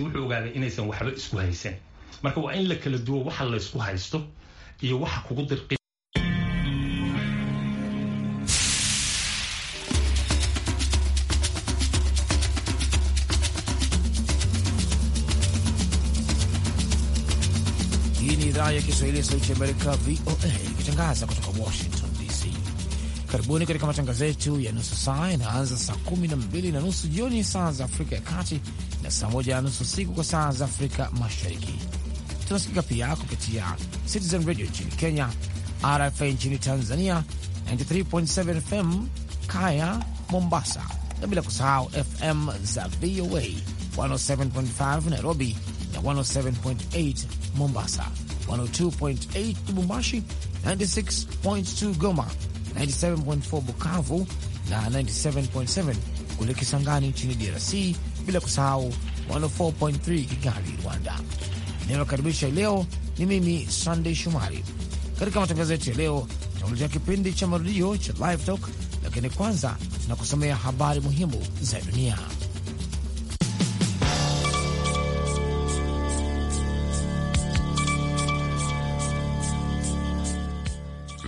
wuxuu ogaaday inaysan waxba isku haysan marka waa in la kala duwo waxa la isku haysto iyo waxa kugu dirqi Hii ni idhaa ya Kiswahili ya Sauti ya Amerika, VOA, ikitangaza kutoka Washington. Karibuni katika matangazo yetu ya nusu saa, inaanza saa kumi na mbili na nusu jioni saa za Afrika ya Kati na saa moja na nusu usiku kwa saa za Afrika Mashariki. Tunasikika pia kupitia Citizen Radio nchini Kenya, RFA nchini Tanzania, 93.7 FM Kaya Mombasa, na bila kusahau FM za VOA 107.5 Nairobi na 107.8 Mombasa, 102.8 Lubumbashi, 96.2 Goma 97.4 Bukavu na 97.7 kule Kisangani nchini DRC, bila kusahau 104.3 Kigali, Rwanda. Inayokaribisha leo ni mimi Sandey Shumari. Katika matangazo yetu ya leo, tunakuletea kipindi cha marudio cha Live Talk, lakini kwanza tunakusomea habari muhimu za dunia.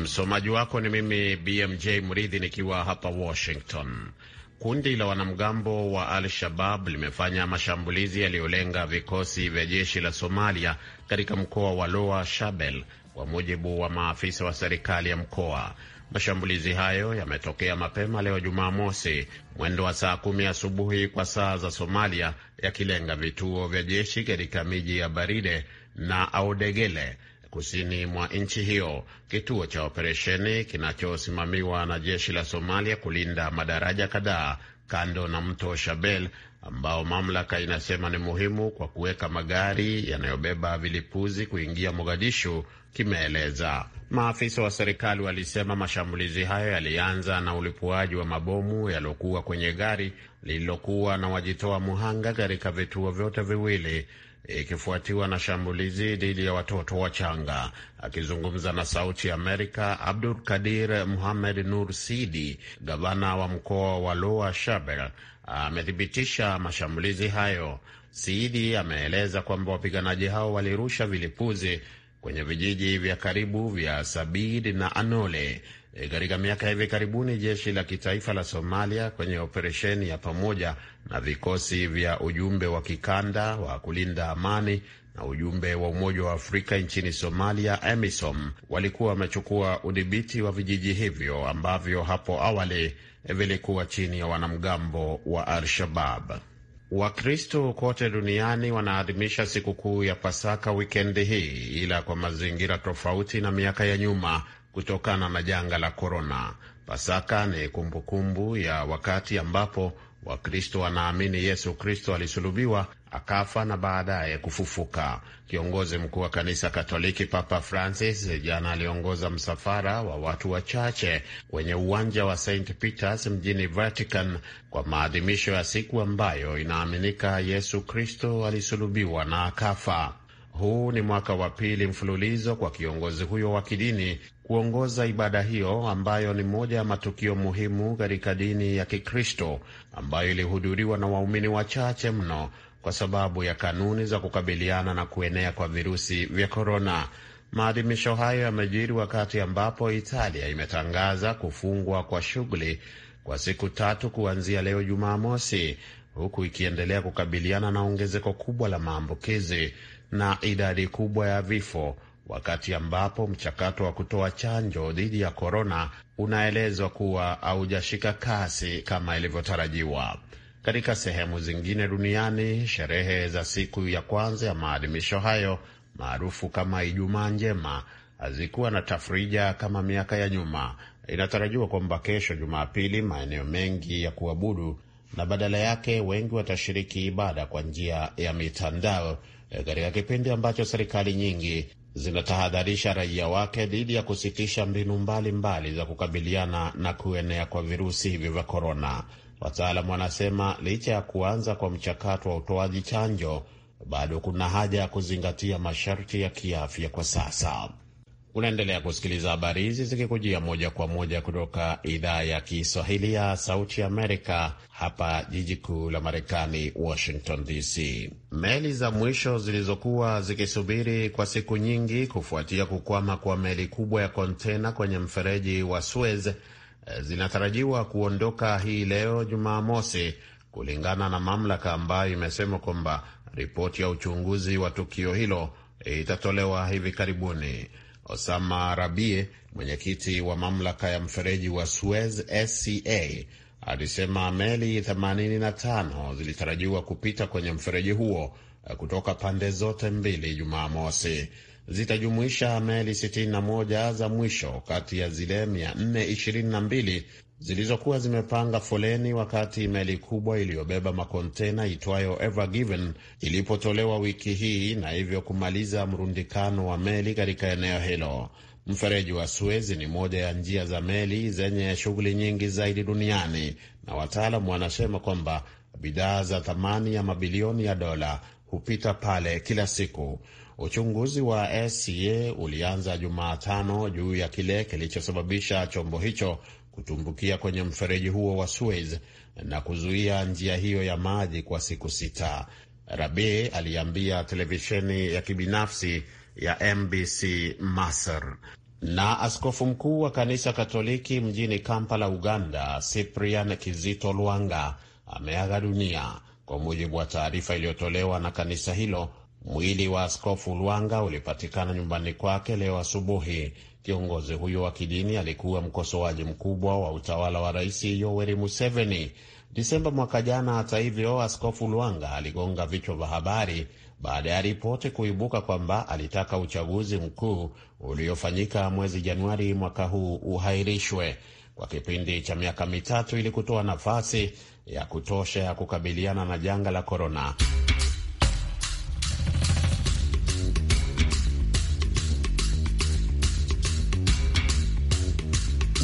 Msomaji wako ni mimi BMJ Mridhi nikiwa hapa Washington. Kundi la wanamgambo wa Al-Shabab limefanya mashambulizi yaliyolenga vikosi vya jeshi la Somalia katika mkoa wa Lower Shabelle, kwa mujibu wa maafisa wa serikali ya mkoa. Mashambulizi hayo yametokea mapema leo Jumamosi mwendo wa saa kumi asubuhi kwa saa za Somalia, yakilenga vituo vya jeshi katika miji ya Baride na Audegele kusini mwa nchi hiyo. Kituo cha operesheni kinachosimamiwa na jeshi la Somalia kulinda madaraja kadhaa kando na mto Shabelle ambao mamlaka inasema ni muhimu kwa kuweka magari yanayobeba vilipuzi kuingia Mogadishu kimeeleza. Maafisa wa serikali walisema mashambulizi hayo yalianza na ulipuaji wa mabomu yaliyokuwa kwenye gari lililokuwa na wajitoa muhanga katika vituo vyote viwili ikifuatiwa na shambulizi dhidi ya watoto wachanga. Akizungumza na Sauti Amerika, Abdul Kadir Muhamed Nur Sidi, gavana wa mkoa wa Loa shaber amethibitisha mashambulizi hayo. Sidi ameeleza kwamba wapiganaji hao walirusha vilipuzi kwenye vijiji vya karibu vya Sabid na Anole. E, katika miaka hivi karibuni, jeshi la kitaifa la Somalia kwenye operesheni ya pamoja na vikosi vya ujumbe wa kikanda wa kulinda amani na ujumbe wa Umoja wa Afrika nchini Somalia, EMISOM, walikuwa wamechukua udhibiti wa vijiji hivyo ambavyo hapo awali vilikuwa chini ya wanamgambo wa Al-Shabab. Wakristo kote duniani wanaadhimisha sikukuu ya Pasaka wikendi hii, ila kwa mazingira tofauti na miaka ya nyuma kutokana na janga la korona. Pasaka ni kumbukumbu kumbu ya wakati ambapo Wakristo wanaamini Yesu Kristo alisulubiwa akafa na baadaye kufufuka. Kiongozi mkuu wa kanisa Katoliki Papa Francis jana aliongoza msafara wa watu wachache kwenye uwanja wa St Peters mjini Vatican kwa maadhimisho ya siku ambayo inaaminika Yesu Kristo alisulubiwa na akafa. Huu ni mwaka wa pili mfululizo kwa kiongozi huyo wa kidini kuongoza ibada hiyo ambayo ni moja ya matukio muhimu katika dini ya Kikristo ambayo ilihudhuriwa na waumini wachache mno kwa sababu ya kanuni za kukabiliana na kuenea kwa virusi vya korona. Maadhimisho hayo yamejiri wakati ambapo Italia imetangaza kufungwa kwa shughuli kwa siku tatu kuanzia leo Jumamosi, huku ikiendelea kukabiliana na ongezeko kubwa la maambukizi na idadi kubwa ya vifo, wakati ambapo mchakato wa kutoa chanjo dhidi ya korona unaelezwa kuwa haujashika kasi kama ilivyotarajiwa. Katika sehemu zingine duniani, sherehe za siku ya kwanza ya maadhimisho hayo maarufu kama Ijumaa Njema hazikuwa na tafrija kama miaka ya nyuma. Inatarajiwa kwamba kesho Jumapili maeneo mengi ya kuabudu na badala yake wengi watashiriki ibada kwa njia ya mitandao Eh, katika kipindi ambacho serikali nyingi zinatahadharisha raia wake dhidi ya kusitisha mbinu mbalimbali mbali za kukabiliana na kuenea kwa virusi hivyo vya korona. Wataalamu wanasema licha ya kuanza kwa mchakato wa utoaji chanjo, bado kuna haja ya kuzingatia masharti ya kiafya kwa sasa. Unaendelea kusikiliza habari hizi zikikujia moja kwa moja kutoka idhaa ya Kiswahili ya Sauti Amerika, hapa jiji kuu la Marekani, Washington DC. Meli za mwisho zilizokuwa zikisubiri kwa siku nyingi kufuatia kukwama kwa meli kubwa ya kontena kwenye mfereji wa Suez eh, zinatarajiwa kuondoka hii leo Jumamosi, kulingana na mamlaka ambayo imesema kwamba ripoti ya uchunguzi wa tukio hilo itatolewa hivi karibuni. Osama Rabie, mwenyekiti wa mamlaka ya mfereji wa Suez SCA, alisema meli 85 zilitarajiwa kupita kwenye mfereji huo eh, kutoka pande zote mbili Jumamosi. Zitajumuisha meli 61 za mwisho kati ya zile 422 zilizokuwa zimepanga foleni wakati meli kubwa iliyobeba makontena itwayo Ever Given ilipotolewa wiki hii na hivyo kumaliza mrundikano wa meli katika eneo hilo. Mfereji wa Suez ni moja ya njia za meli zenye shughuli nyingi zaidi duniani na wataalamu wanasema kwamba bidhaa za thamani ya mabilioni ya dola hupita pale kila siku. Uchunguzi wa SCA ulianza Jumatano juu ya kile kilichosababisha chombo hicho kutumbukia kwenye mfereji huo wa Suez na kuzuia njia hiyo ya maji kwa siku sita. Rabi aliambia televisheni ya kibinafsi ya MBC Masr. Na askofu mkuu wa kanisa Katoliki mjini Kampala, Uganda, Cyprian Kizito Lwanga ameaga dunia, kwa mujibu wa taarifa iliyotolewa na kanisa hilo Mwili wa Askofu Lwanga ulipatikana nyumbani kwake leo asubuhi. Kiongozi huyo wa kidini alikuwa mkosoaji mkubwa wa utawala wa Rais Yoweri Museveni. Desemba mwaka jana, hata hivyo, Askofu Lwanga aligonga vichwa vya habari baada ya ripoti kuibuka kwamba alitaka uchaguzi mkuu uliofanyika mwezi Januari mwaka huu uhairishwe kwa kipindi cha miaka mitatu ili kutoa nafasi ya kutosha ya kukabiliana na janga la korona.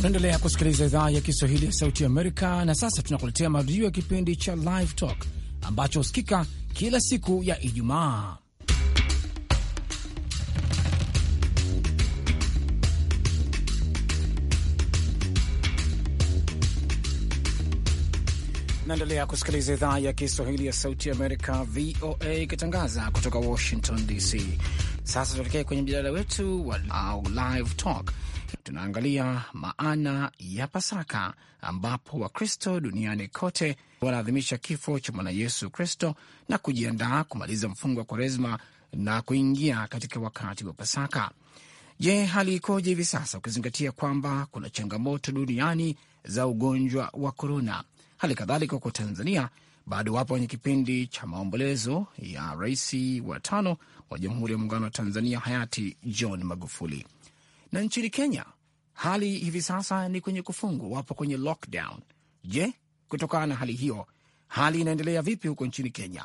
Unaendelea kusikiliza idhaa ya Kiswahili ya Sauti Amerika, na sasa tunakuletea marudio ya kipindi cha Live Talk ambacho husikika kila siku ya Ijumaa Naendelea kusikiliza idhaa ya Kiswahili ya Sauti ya Amerika, VOA, ikitangaza kutoka Washington DC. Sasa tuelekee kwenye mjadala wetu wa Live Talk. Tunaangalia maana ya Pasaka, ambapo Wakristo duniani kote wanaadhimisha kifo cha mwana Yesu Kristo na kujiandaa kumaliza mfungo wa Kwaresma na kuingia katika wakati wa Pasaka. Je, hali ikoje hivi sasa, ukizingatia kwamba kuna changamoto duniani za ugonjwa wa korona? Hali kadhalika huko Tanzania bado wapo kwenye kipindi cha maombolezo ya rais wa tano wa Jamhuri ya Muungano wa Tanzania hayati John Magufuli. Na nchini Kenya hali hivi sasa ni kwenye kufungwa, wapo kwenye lockdown. Je, kutokana na hali hiyo, hali inaendelea vipi huko nchini Kenya?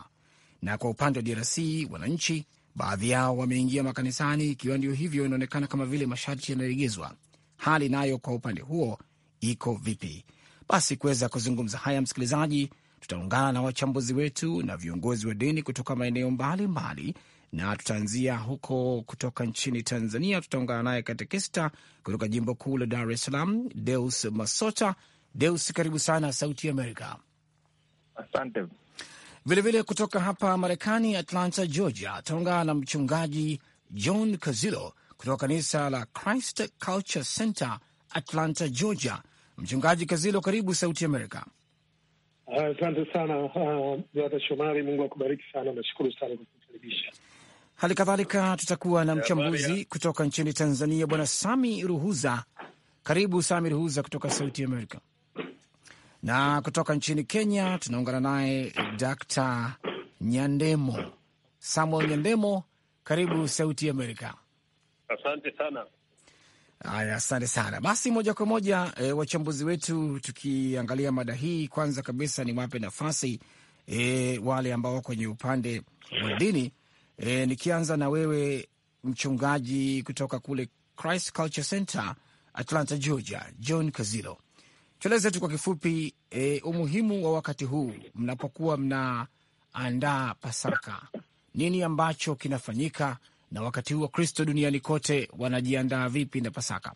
Na kwa upande wa DRC, wananchi baadhi yao wameingia makanisani, ikiwa ndio hivyo, inaonekana kama vile masharti yanayoegezwa. Hali nayo kwa upande huo iko vipi? Basi kuweza kuzungumza haya, msikilizaji, tutaungana na wachambuzi wetu na viongozi wa dini kutoka maeneo mbalimbali, na tutaanzia huko kutoka nchini Tanzania. Tutaungana naye katekista kutoka jimbo kuu la Dar es Salaam, Deus Masota. Deus, karibu sana Sauti Amerika. Asante. Vilevile kutoka hapa Marekani, Atlanta Georgia, ataungana na mchungaji John Kazilo kutoka kanisa la Christ Culture Center Atlanta Georgia. Mchungaji Kazilo, karibu Sauti Amerika. Asante uh, sana brother uh, Shomari, Mungu akubariki sana. Nashukuru sana kwa kukaribisha. Hali kadhalika tutakuwa na mchambuzi kutoka nchini Tanzania, bwana Sami Ruhuza. Karibu Sami Ruhuza kutoka Sauti Amerika. Na kutoka nchini Kenya tunaungana naye Dr. Nyandemo Samuel Nyandemo, karibu Sauti Amerika. Asante sana. Haya, asante sana. Basi moja kwa moja e, wachambuzi wetu tukiangalia mada hii, kwanza kabisa ni wape nafasi e, wale ambao kwenye upande wa dini e, nikianza na wewe mchungaji kutoka kule Christ Culture Center Atlanta, Georgia, John Kazilo, tueleze tu kwa kifupi e, umuhimu wa wakati huu mnapokuwa mnaandaa Pasaka, nini ambacho kinafanyika na wakati huo Kristo duniani kote wanajiandaa vipi na Pasaka?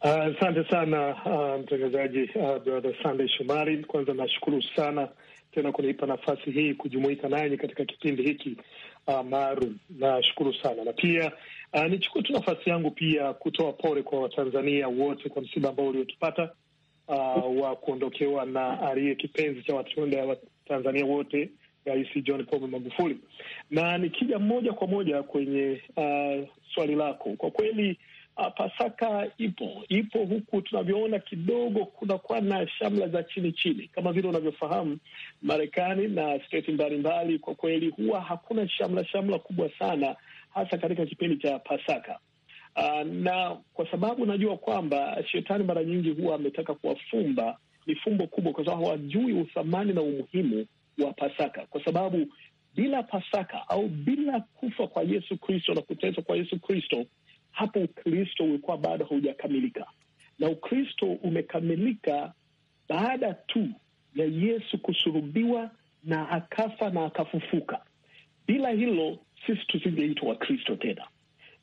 Asante uh, sana uh, mtangazaji uh, brother Sandey Shomari. Kwanza nashukuru sana tena kunipa nafasi hii kujumuika nanyi katika kipindi hiki uh, maalum. Nashukuru sana na pia uh, nichukue tu nafasi yangu pia kutoa pole kwa Watanzania wote kwa msiba ambao uliotupata uh, wa kuondokewa na aliye kipenzi cha Watanzania wote Rais John Pombe Magufuli. Na nikija moja kwa moja kwenye uh, swali lako, kwa kweli uh, Pasaka ipo ipo huku tunavyoona, kidogo kunakuwa na shamla za chini chini. Kama vile unavyofahamu, Marekani na state mbalimbali, kwa kweli huwa hakuna shamla shamla kubwa sana, hasa katika kipindi cha Pasaka. Uh, na kwa sababu najua kwamba shetani mara nyingi huwa ametaka kuwafumba ni fumbo kubwa, kwa sababu hawajui uthamani na umuhimu wa Pasaka, kwa sababu bila Pasaka au bila kufa kwa Yesu Kristo na kuteswa kwa Yesu Kristo, hapo Ukristo ulikuwa bado haujakamilika, na Ukristo umekamilika baada tu ya Yesu kusurubiwa na akafa na akafufuka. Bila hilo sisi tusingeitwa Wakristo tena.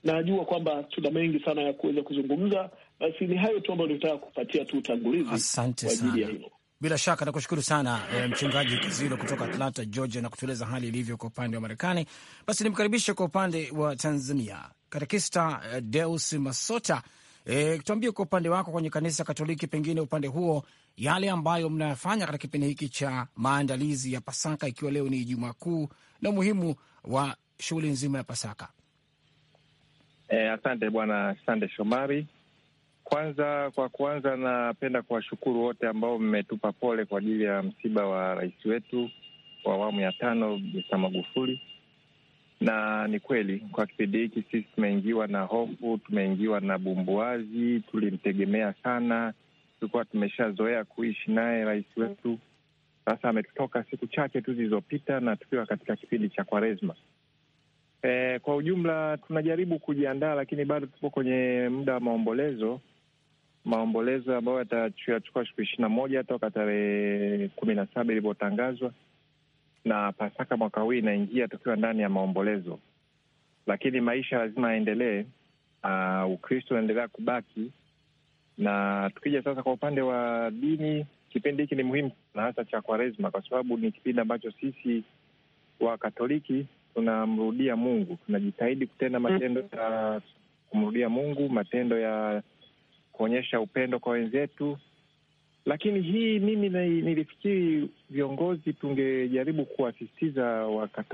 Najua kwamba tuna mengi sana ya kuweza kuzungumza, basi ni hayo tu ambayo nitaka kupatia tu utangulizi kwa ajili ya hilo. Bila shaka nakushukuru sana e, mchungaji kiziro kutoka Atlanta, Georgia, na kutueleza hali ilivyo kwa upande wa Marekani. Basi nimkaribishe kwa upande wa Tanzania, katekista e, Deus Masota. E, tuambie kwa upande wako kwenye kanisa Katoliki, pengine upande huo, yale ambayo mnayafanya katika kipindi hiki cha maandalizi ya Pasaka, ikiwa leo ni Ijumaa Kuu, na umuhimu wa shughuli nzima ya Pasaka. E, asante bwana Sande Shomari. Kwanza kwa kwanza, napenda kuwashukuru wote ambao mmetupa pole kwa ajili ya msiba wa rais wetu wa awamu ya tano Mr. Magufuli. Na ni kweli kwa kipindi hiki sisi tumeingiwa na hofu, tumeingiwa na bumbuazi, tulimtegemea sana, tulikuwa tumeshazoea kuishi naye rais wetu. Sasa ametutoka siku chache tu zilizopita na tukiwa katika kipindi cha Kwaresma. E, kwa ujumla tunajaribu kujiandaa, lakini bado tupo kwenye muda wa maombolezo maombolezo ambayo yatachukua siku ishirini na moja toka tarehe kumi na saba ilivyotangazwa na Pasaka mwaka huu inaingia tukiwa ndani ya maombolezo, lakini maisha lazima yaendelee. Uh, Ukristo unaendelea kubaki. Na tukija sasa kwa upande wa dini, kipindi hiki ni muhimu sana, hasa cha Kwaresma, kwa sababu ni kipindi ambacho sisi wa Katoliki tunamrudia Mungu, tunajitahidi kutenda matendo ya kumrudia Mungu, matendo ya kuonyesha upendo kwa wenzetu. Lakini hii mimi nilifikiri viongozi tungejaribu kuwasisitiza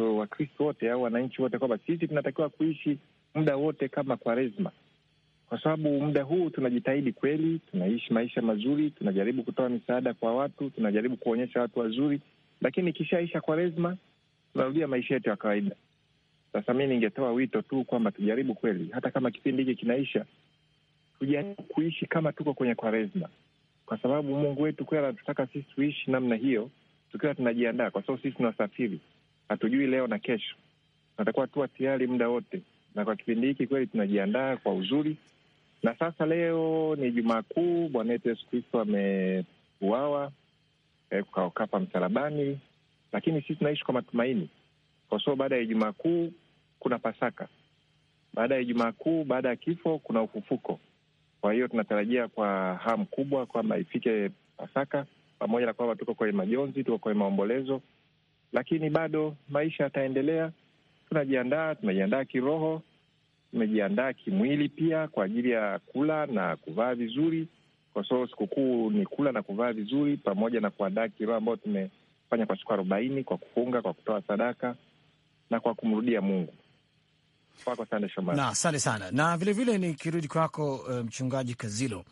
Wakristo wote au wananchi wote kwamba sisi tunatakiwa kuishi muda wote kama Kwaresma, kwa sababu muda huu tunajitahidi kweli, tunaishi maisha mazuri, tunajaribu kutoa misaada kwa watu, tunajaribu kuonyesha watu wazuri, lakini ikishaisha Kwaresma tunarudia maisha yetu ya kawaida. Sasa mi ningetoa wito tu kwamba tujaribu kweli, hata kama kipindi hiki kinaisha tujaribu kuishi kama tuko kwenye Kwaresma, kwa sababu Mungu wetu kweli anatutaka sisi tuishi namna hiyo, tukiwa tunajiandaa, kwa sababu sisi tunasafiri, hatujui leo na kesho, tunatakuwa tuwa tayari muda wote, na kwa kipindi hiki kweli tunajiandaa kwa uzuri. Na sasa leo ni Jumaa Kuu, Bwana wetu Yesu Kristo ameuawa, e, eh, kukaokapa msalabani, lakini sisi tunaishi kwa matumaini, kwa sababu baada ya Jumaa Kuu kuna Pasaka, baada ya Ijumaa Kuu, baada ya kifo kuna ufufuko. Kwa hiyo tunatarajia kwa hamu kubwa kwamba ifike Pasaka, pamoja na kwamba tuko kwenye majonzi, tuko kwenye maombolezo, lakini bado maisha yataendelea. Tunajiandaa, tumejiandaa kiroho, tumejiandaa kimwili pia kwa ajili ya kula na kuvaa vizuri, kwa sababu sikukuu ni kula na kuvaa vizuri, pamoja na kuandaa kiroho ambayo tumefanya kwa siku arobaini, kwa kufunga, kwa kutoa sadaka na kwa kumrudia Mungu. Kwako asante Shomari. Na asante sana na vilevile nikirudi kwako eh, mchungaji um, Kazilo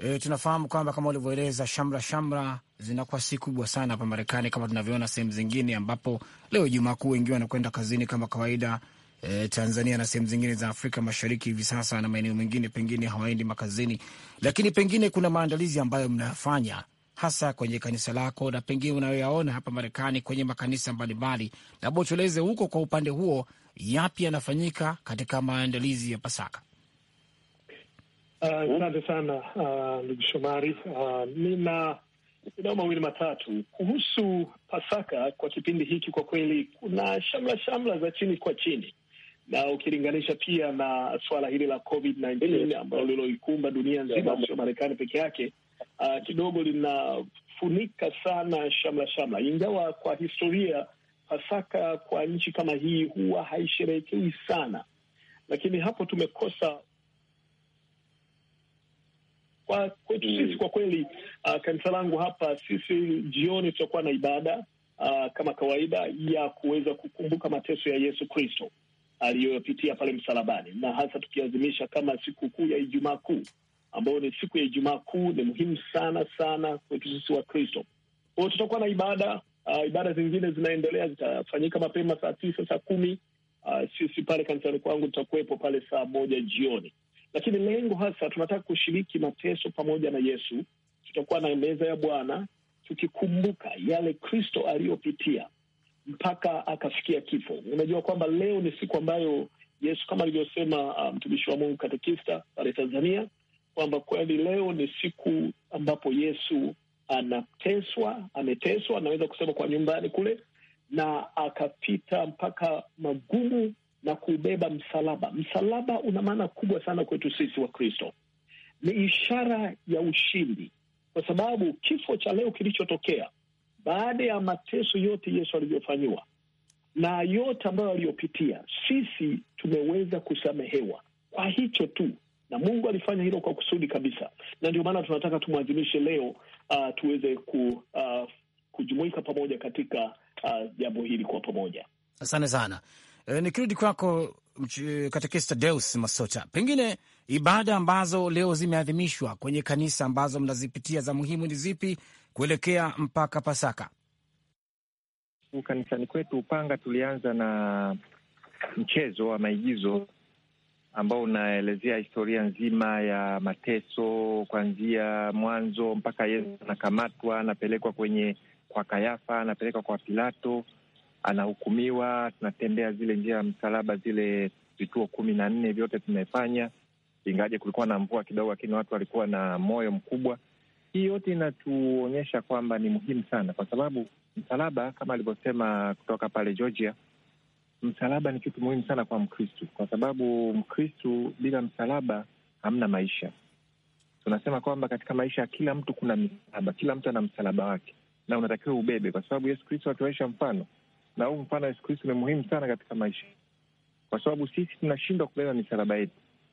E, tunafahamu kwamba kama ulivyoeleza shamra shamra zinakuwa si kubwa sana hapa Marekani kama tunavyoona sehemu zingine, ambapo leo jumaa Kuu wengi wanakwenda kazini kama kawaida. E, Tanzania na sehemu zingine za Afrika Mashariki hivi sasa na maeneo mengine pengine hawaendi makazini, lakini pengine kuna maandalizi ambayo mnayafanya hasa kwenye kanisa lako na pengine unayoyaona hapa Marekani kwenye makanisa mbalimbali, labda utueleze huko kwa upande huo, yapi yanafanyika katika maandalizi ya Pasaka? Uh, asante uh, sana ndugu uh, Shomari. Uh, nina nao mawili matatu kuhusu Pasaka kwa kipindi hiki. Kwa kweli kuna shamla shamla za chini kwa chini, na ukilinganisha pia na suala hili la COVID-19 ambalo liloikumba dunia nzima, sio Marekani peke yake uh, kidogo linafunika sana shamla shamla, ingawa kwa historia Pasaka kwa nchi kama hii huwa haisherehekewi sana, lakini hapo tumekosa kwa kwetu sisi mm. kwa kweli. Uh, kanisa langu hapa sisi jioni tutakuwa na ibada uh, kama kawaida ya kuweza kukumbuka mateso ya Yesu Kristo aliyopitia pale msalabani, na hasa tukiazimisha kama sikukuu ya Ijumaa Kuu ambayo ni siku ya Ijumaa Kuu ni muhimu sana sana kwetu sisi wa Kristo. Kwa hiyo tutakuwa na ibada uh, ibada zingine zinaendelea, zitafanyika mapema saa tisa, saa kumi. Uh, sisi pale kanisani kwangu tutakuwepo pale saa moja jioni, lakini lengo hasa tunataka kushiriki mateso pamoja na Yesu. Tutakuwa na meza ya Bwana tukikumbuka yale Kristo aliyopitia mpaka akafikia kifo. Unajua kwamba leo ni siku ambayo Yesu kama alivyosema uh, mtumishi um, wa Mungu katekista pale Tanzania kwamba kweli leo ni siku ambapo Yesu anateswa, ameteswa, anaweza kusema kwa nyumbani kule, na akapita mpaka magumu na kubeba msalaba. Msalaba una maana kubwa sana kwetu sisi wa Kristo, ni ishara ya ushindi, kwa sababu kifo cha leo kilichotokea baada ya mateso yote Yesu alivyofanyiwa na yote ambayo aliyopitia, sisi tumeweza kusamehewa kwa hicho tu na Mungu alifanya hilo kwa kusudi kabisa, na ndio maana tunataka tumwadhimishe leo, uh, tuweze ku, uh, kujumuika pamoja katika uh, jambo uh, hili kwa pamoja. Asante sana. E, nikirudi kwako Katekista Deus Masota, pengine ibada ambazo leo zimeadhimishwa kwenye kanisa ambazo mnazipitia za muhimu ni zipi kuelekea mpaka Pasaka? Kanisani kwetu Upanga tulianza na mchezo wa maigizo ambao unaelezea historia nzima ya mateso kuanzia mwanzo mpaka Yesu anakamatwa, anapelekwa kwenye kwa Kayafa, anapelekwa kwa Pilato, anahukumiwa. Tunatembea zile njia ya msalaba, zile vituo kumi na nne vyote tumefanya, ingaje kulikuwa na mvua kidogo, lakini watu walikuwa na moyo mkubwa. Hii yote inatuonyesha kwamba ni muhimu sana, kwa sababu msalaba kama alivyosema kutoka pale Georgia msalaba ni kitu muhimu sana kwa Mkristu, kwa sababu Mkristu bila msalaba hamna maisha. Tunasema kwamba katika maisha ya kila mtu kuna msalaba, kila mtu ana msalaba wake na unatakiwa ubebe, kwa sababu Yesu Kristu akiwaisha mfano, na huu mfano Yesu Kristu ni muhimu sana katika maisha, kwa sababu sisi tunashindwa kubeba misalaba yetu.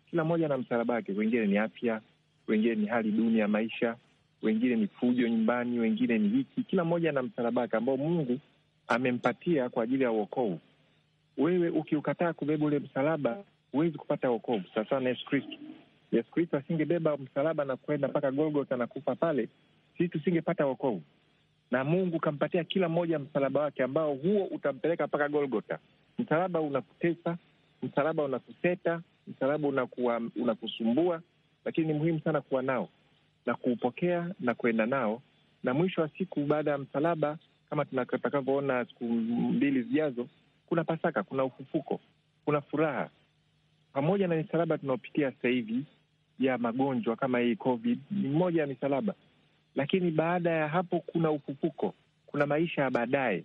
Kila mmoja ana msalaba wake, wengine ni afya, wengine ni hali duni ya maisha, wengine ni fujo nyumbani, wengine ni hiki. Kila mmoja ana msalaba wake ambao Mungu amempatia kwa ajili ya uokovu wewe ukiukataa kubeba ule msalaba huwezi kupata wokovu. Sasa na Yesu Kristo. Yesu Kristo asingebeba msalaba na kwenda mpaka Golgotha na kufa pale, sisi tusingepata wokovu, na Mungu kampatia kila mmoja msalaba wake ambao huo utampeleka mpaka Golgotha. Msalaba unakutesa, msalaba unakuseta, msalaba unakuwa, unakusumbua, lakini ni muhimu sana kuwa nao na kuupokea na kuenda nao, na mwisho wa siku, baada ya msalaba, kama tutakavyoona siku mbili zijazo, kuna Pasaka, kuna ufufuko, kuna furaha, pamoja na misalaba tunaopitia sasa hivi ya magonjwa kama hii COVID ni mmoja ya misalaba, lakini baada ya hapo kuna ufufuko, kuna maisha ya baadaye.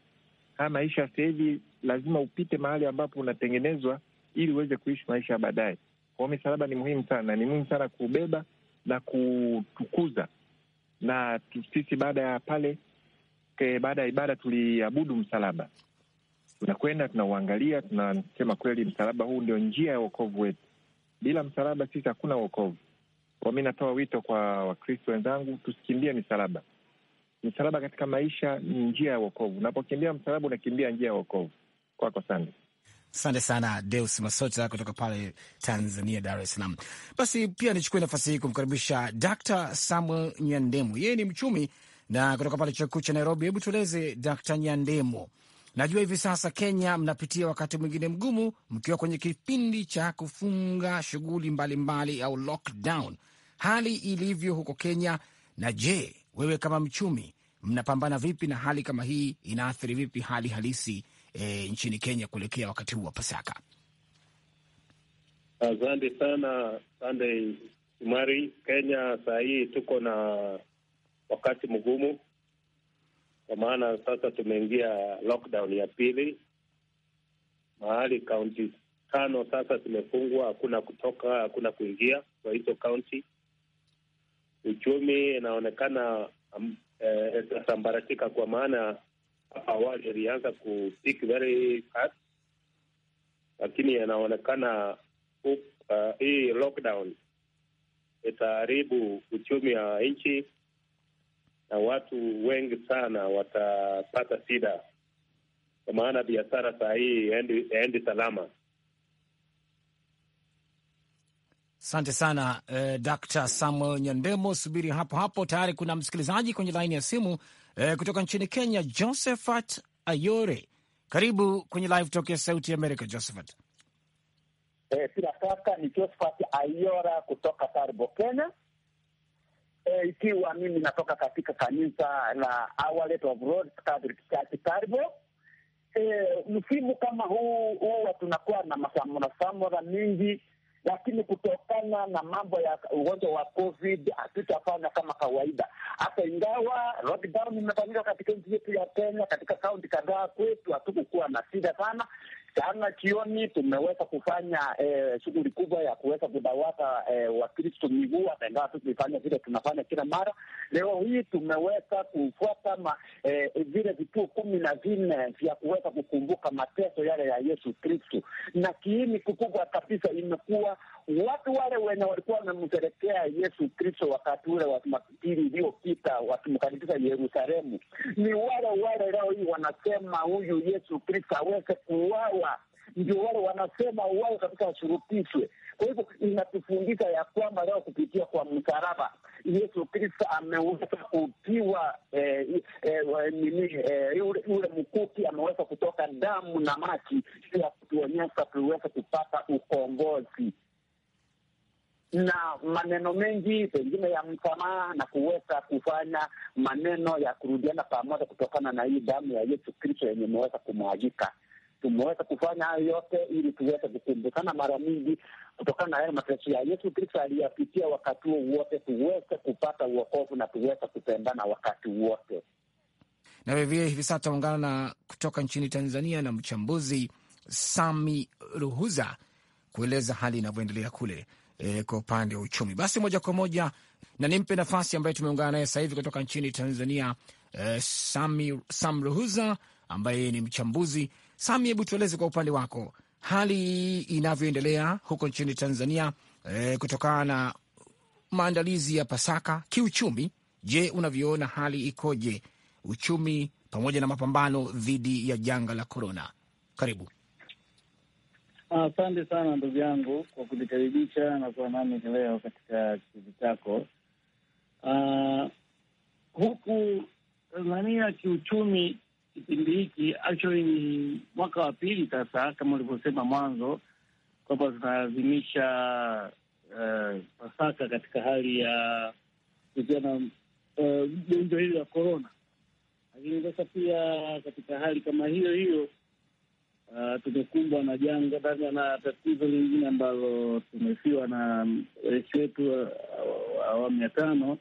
Haya maisha sasa hivi lazima upite mahali ambapo unatengenezwa ili uweze kuishi maisha ya baadaye. Kwa hiyo misalaba ni muhimu sana, ni muhimu sana kuubeba na kutukuza. Na sisi baada ya pale, eh, baada ya ibada tuliabudu msalaba tunakwenda tunauangalia, tunasema kweli, msalaba huu ndio njia ya uokovu wetu. Bila msalaba sisi hakuna uokovu. Kwa mi natoa wito kwa Wakristo wenzangu, tusikimbie misalaba. Msalaba katika maisha ni njia ya uokovu. Unapokimbia msalaba, unakimbia njia ya uokovu. Kwako sande. Asante sana Deus Masota kutoka pale Tanzania, Dar es Salaam. Basi pia nichukue nafasi hii kumkaribisha Dr Samuel Nyandemo, yeye ni mchumi na kutoka pale chuo kikuu cha Nairobi. Hebu tueleze Dr Nyandemo, Najua hivi sasa Kenya mnapitia wakati mwingine mgumu, mkiwa kwenye kipindi cha kufunga shughuli mbalimbali au lockdown, hali ilivyo huko Kenya. Na je, wewe kama mchumi mnapambana vipi na hali kama hii? Inaathiri vipi hali halisi e, nchini Kenya kuelekea wakati huu wa Pasaka? Asante sana Sandey Shumari. Kenya saa hii tuko na wakati mgumu kwa maana sasa tumeingia lockdown ya pili, mahali kaunti tano sasa zimefungwa, hakuna kutoka, hakuna kuingia kwa hizo kaunti. Uchumi inaonekana um, eh, kwa maana hapa awali ilianza ku peak very fast, lakini inaonekana uh, hii lockdown itaharibu uchumi wa nchi na watu wengi sana watapata shida, kwa maana biashara saa hii endi salama. Asante sana eh, Dr. Samuel Nyandemo, subiri hapo hapo. Tayari kuna msikilizaji kwenye laini ya simu eh, kutoka nchini Kenya, Josephat Ayore, karibu kwenye Live Talk ya Sauti ya Amerika. Josephat eh, bila eh, shaka ni Josephat Ayora kutoka Tarbo, Kenya eh, ikiwa mimi natoka katika kanisa la Outlet of Road Catholic Church Taribo. Eh, msimu kama huu huwa tunakuwa na masamura samura mingi, lakini kutokana na mambo ya ugonjwa wa COVID hatutafanya kama kawaida, hata ingawa lockdown imefanyika katika nchi yetu ya Kenya, katika kaunti kadhaa kwetu hatukukuwa na shida sana, sana jioni tumeweza kufanya eh, shughuli kubwa ya kuweza kudawata eh, Wakristo miguu, ataingawa tu tulifanya vile tunafanya kila mara. Leo hii tumeweza kufuata ma, eh, vile vituo kumi na vinne vya kuweza kukumbuka mateso yale ya Yesu Kristo, na kiini kikubwa kabisa imekuwa watu wale wenye walikuwa wanamsherekea Yesu Kristo wakati ule wa Jumapili iliyopita wakimkaribisha Yerusalemu ni wale wale leo hii wanasema huyu Yesu Kristo aweze kuwawa ndio wale wanasema uwawe kabisa, ashurutishwe. Kwa hivyo inatufundisha ya kwamba leo kupitia kwa msalaba Yesu Kristo ameweza kutiwa eh, eh, nini eh, ule, mkuki ameweza kutoka damu na maji ili ya kutuonyesha tuweze kupata ukombozi na maneno mengi pengine ya msamaha na kuweza kufanya maneno ya kurudiana pamoja kutokana na hii damu ya Yesu Kristo yenye imeweza kumwagika. Tumeweza kufanya hayo yote ili tuweze kukumbukana mara mingi kutokana na yale mateso ya Yesu Kristo aliyapitia wakati huo wote, tuweze kupata uokovu na tuweze kupendana wakati wote. Na vilevile hivi sasa tutaungana na kutoka nchini Tanzania na mchambuzi Sami Ruhuza kueleza hali inavyoendelea kule. Eh, kwa upande wa uchumi. Basi moja kwa moja na nimpe nafasi ambaye tumeungana naye sasa hivi kutoka nchini Tanzania, eh, Sami Samruhuza ambaye ni mchambuzi. Sami, hebu tueleze kwa upande wako hali inavyoendelea huko nchini Tanzania eh, kutokana na maandalizi ya Pasaka kiuchumi. Je, unavyoona hali ikoje uchumi pamoja na mapambano dhidi ya janga la korona? Karibu. Asante sana ndugu yangu kwa kunikaribisha na kuwa nami leo katika kipindi chako. Uh, huku Tanzania kiuchumi kipindi hiki actually ni mwaka wa pili sasa, kama ulivyosema mwanzo kwamba tunaadhimisha uh, Pasaka katika hali ya kukiwa na gonjwa uh, eh, hili la korona, lakini sasa pia katika hali kama hiyo hiyo uh, tumekumbwa na janga ndani na tatizo lingine ambalo tumefiwa na rais wetu uh, uh, awamu ya tano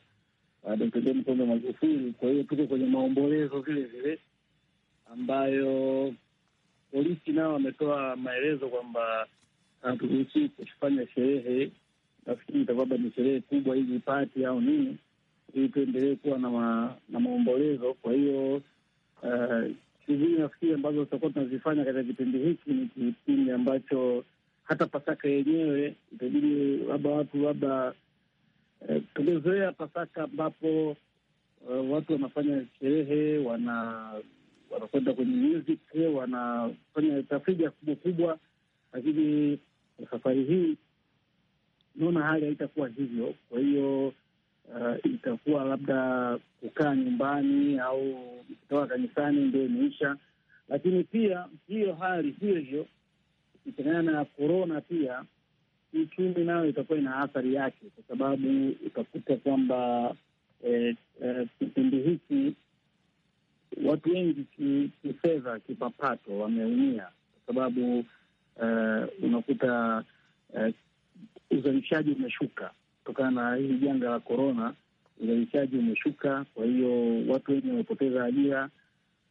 uh, Dkt. John Pombe Magufuli. Kwa hiyo tuko kwenye maombolezo vile vile ambayo polisi nao wametoa maelezo kwamba haturuhusii kufanya sherehe. Nafikiri itakuwa ni sherehe kubwa hivi, pati au nini, ili tuendelee kuwa na, ma, na maombolezo. Kwa hiyo uh, shughuli nafikiri ambazo tutakuwa tunazifanya katika kipindi hiki ni kipindi ambacho hata Pasaka yenyewe itabidi labda watu labda e, tumezoea Pasaka ambapo e, watu wanafanya sherehe, wana wanakwenda kwenye music, wanafanya tafrija kubwa kubwa, lakini safari hii naona hali haitakuwa hivyo. Kwa hiyo uh, itakuwa labda kukaa nyumbani au kutoka kanisani ndio imeisha. Lakini pia hiyo hali hiyo hiyo ikitokana na korona, pia uchumi nayo itakuwa ina athari yake, kwa sababu utakuta kwamba eh, eh, kipindi hiki watu wengi kifedha, ki kipapato wameumia, kwa sababu eh, unakuta eh, uzalishaji umeshuka kutokana na hili janga la korona, uzalishaji umeshuka. Kwa hiyo watu wengi wamepoteza ajira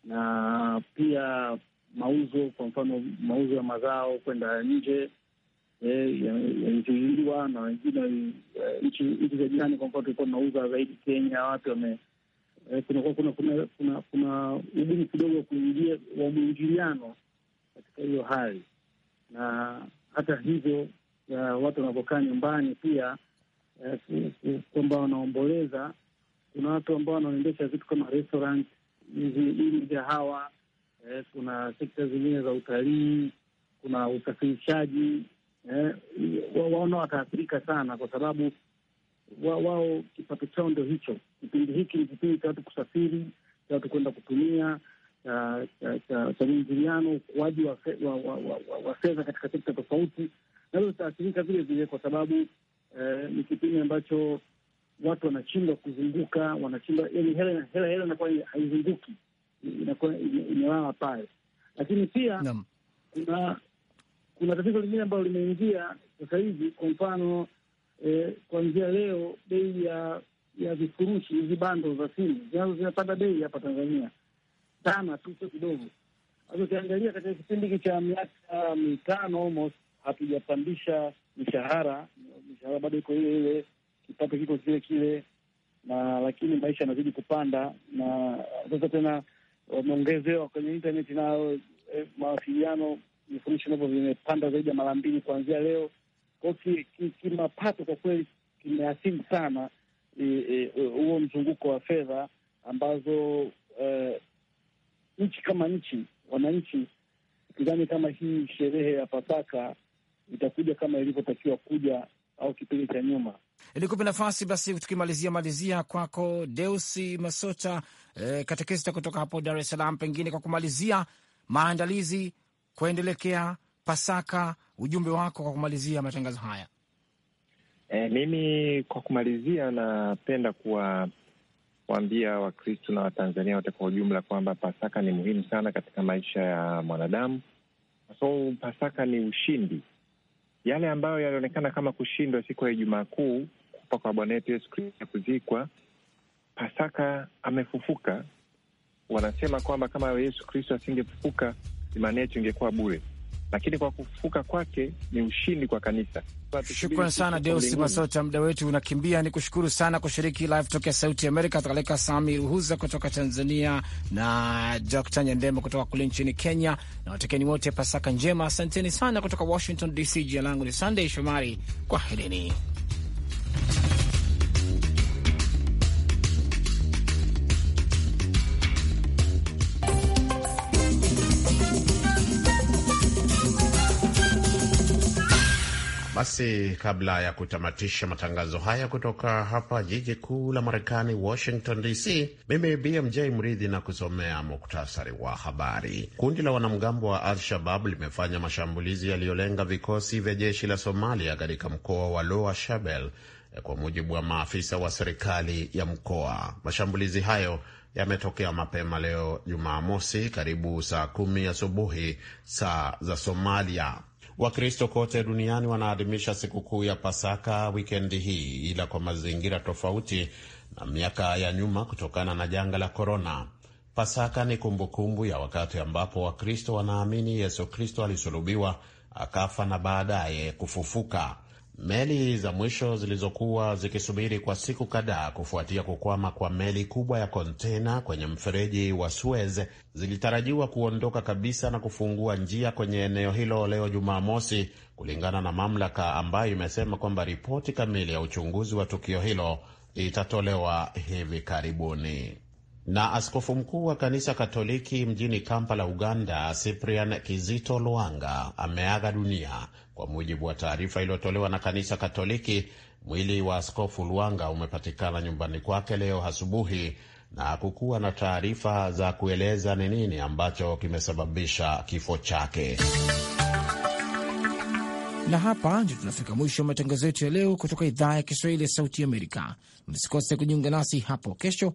na pia mauzo, kwa mfano mauzo ya mazao kwenda nje eh, yalizuiliwa e, na wengine eh, nchi za jirani, kwa mfano tulikuwa tunauza zaidi Kenya, watu wame e, kuna kuna kuna kuna ugumu kidogo kuingia wa mwingiliano katika hiyo hali, na hata hivyo ya, watu wanavyokaa nyumbani pia Eh, kwamba wanaomboleza. Kuna watu ambao wanaendesha vitu kama restaurant hizi, migahawa. Eh, kuna sekta zingine za utalii, kuna usafirishaji. Eh, waona wataathirika sana, kwa sababu wao kipato chao ndo hicho. Kipindi hiki ni kipindi cha watu kusafiri, cha watu kwenda kutumia cha mwingiliano, ukuaji wa fedha katika sekta tofauti, nazo zitaathirika vile vile, kwa sababu eh, ni kipindi ambacho watu wanashindwa kuzunguka, wanashindwa yani, hela hela inakuwa haizunguki, inakuwa imelala pale. Lakini pia kuna kuna tatizo lingine ambalo limeingia sasa hivi, kwa mfano eh, kuanzia leo bei ya ya vifurushi hizi bando za simu zinazo zinapanda bei hapa Tanzania sana tu, sio kidogo. Sasa ukiangalia katika kipindi hiki cha miaka mitano almost hatujapandisha mishahara mishahara bado iko ile ile, kipato kiko kile kile, na lakini maisha yanazidi kupanda, na sasa tena wameongezewa kwenye internet na eh, mawasiliano vifurushi navyo vimepanda zaidi ya mara mbili kuanzia leo. Kwa hiyo kimapato ki, ki kwa kweli kimeathiri sana eh, eh, huo e, e, mzunguko wa fedha ambazo e, nchi kama nchi wananchi sidhani kama hii sherehe ya Pasaka itakuja kama ilivyotakiwa kuja au kipindi cha nyuma. Nikupe nafasi basi tukimalizia malizia kwako Deusi Masota, e, katekista kutoka hapo Dar es Salaam, pengine kwa kumalizia maandalizi kuendelekea Pasaka, ujumbe wako kwa kumalizia matangazo haya. E, mimi kwa kumalizia napenda kuwa kuambia Wakristu na Watanzania wote kwa ujumla kwamba Pasaka ni muhimu sana katika maisha ya mwanadamu, kwa sababu Pasaka ni ushindi yale ambayo yalionekana kama kushindwa siku ya Ijumaa Kuu, kufa kwa Bwana wetu Yesu Kristo, kuzikwa, Pasaka amefufuka. Wanasema kwamba kama Yesu Kristo asingefufuka, imani yetu ingekuwa bure lakini kwa kufuka kwake ni ushindi kwa kanisa. Shukran sana Deus Masota, muda wetu unakimbia. Ni kushukuru sana kushiriki live tokea Sauti ya Amerika, kadhalika Sami ruhuza kutoka Tanzania na Dr Nyandemo kutoka kule nchini Kenya, na watekeni wote Pasaka njema. Asanteni sana kutoka Washington DC. Jina langu ni Sandey Shomari, kwaherini. Basi kabla ya kutamatisha matangazo haya kutoka hapa jiji kuu la Marekani, Washington DC, mimi BMJ Mridhi na kusomea muktasari wa habari. Kundi la wanamgambo wa Al-Shabab limefanya mashambulizi yaliyolenga vikosi vya jeshi la Somalia katika mkoa wa Lower Shabelle Eh, kwa mujibu wa maafisa wa serikali ya mkoa. Mashambulizi hayo yametokea mapema leo Jumamosi karibu saa kumi asubuhi saa za Somalia. Wakristo kote duniani wanaadhimisha sikukuu ya Pasaka wikendi hii, ila kwa mazingira tofauti na miaka ya nyuma kutokana na janga la korona. Pasaka ni kumbukumbu kumbu ya wakati ambapo Wakristo wanaamini Yesu Kristo alisulubiwa, akafa na baadaye kufufuka. Meli za mwisho zilizokuwa zikisubiri kwa siku kadhaa kufuatia kukwama kwa meli kubwa ya kontena kwenye mfereji wa Suez zilitarajiwa kuondoka kabisa na kufungua njia kwenye eneo hilo leo Jumamosi, kulingana na mamlaka ambayo imesema kwamba ripoti kamili ya uchunguzi wa tukio hilo itatolewa hivi karibuni. Na askofu mkuu wa kanisa Katoliki mjini Kampala, Uganda, Cyprian Kizito Lwanga ameaga dunia kwa mujibu wa taarifa iliyotolewa na kanisa Katoliki, mwili wa askofu Lwanga umepatikana nyumbani kwake leo asubuhi na hakukuwa na taarifa za kueleza ni nini ambacho kimesababisha kifo chake. Na hapa ndio tunafika mwisho wa matangazo yetu ya leo kutoka idhaa ya Kiswahili ya Sauti Amerika. Msikose kujiunga nasi hapo kesho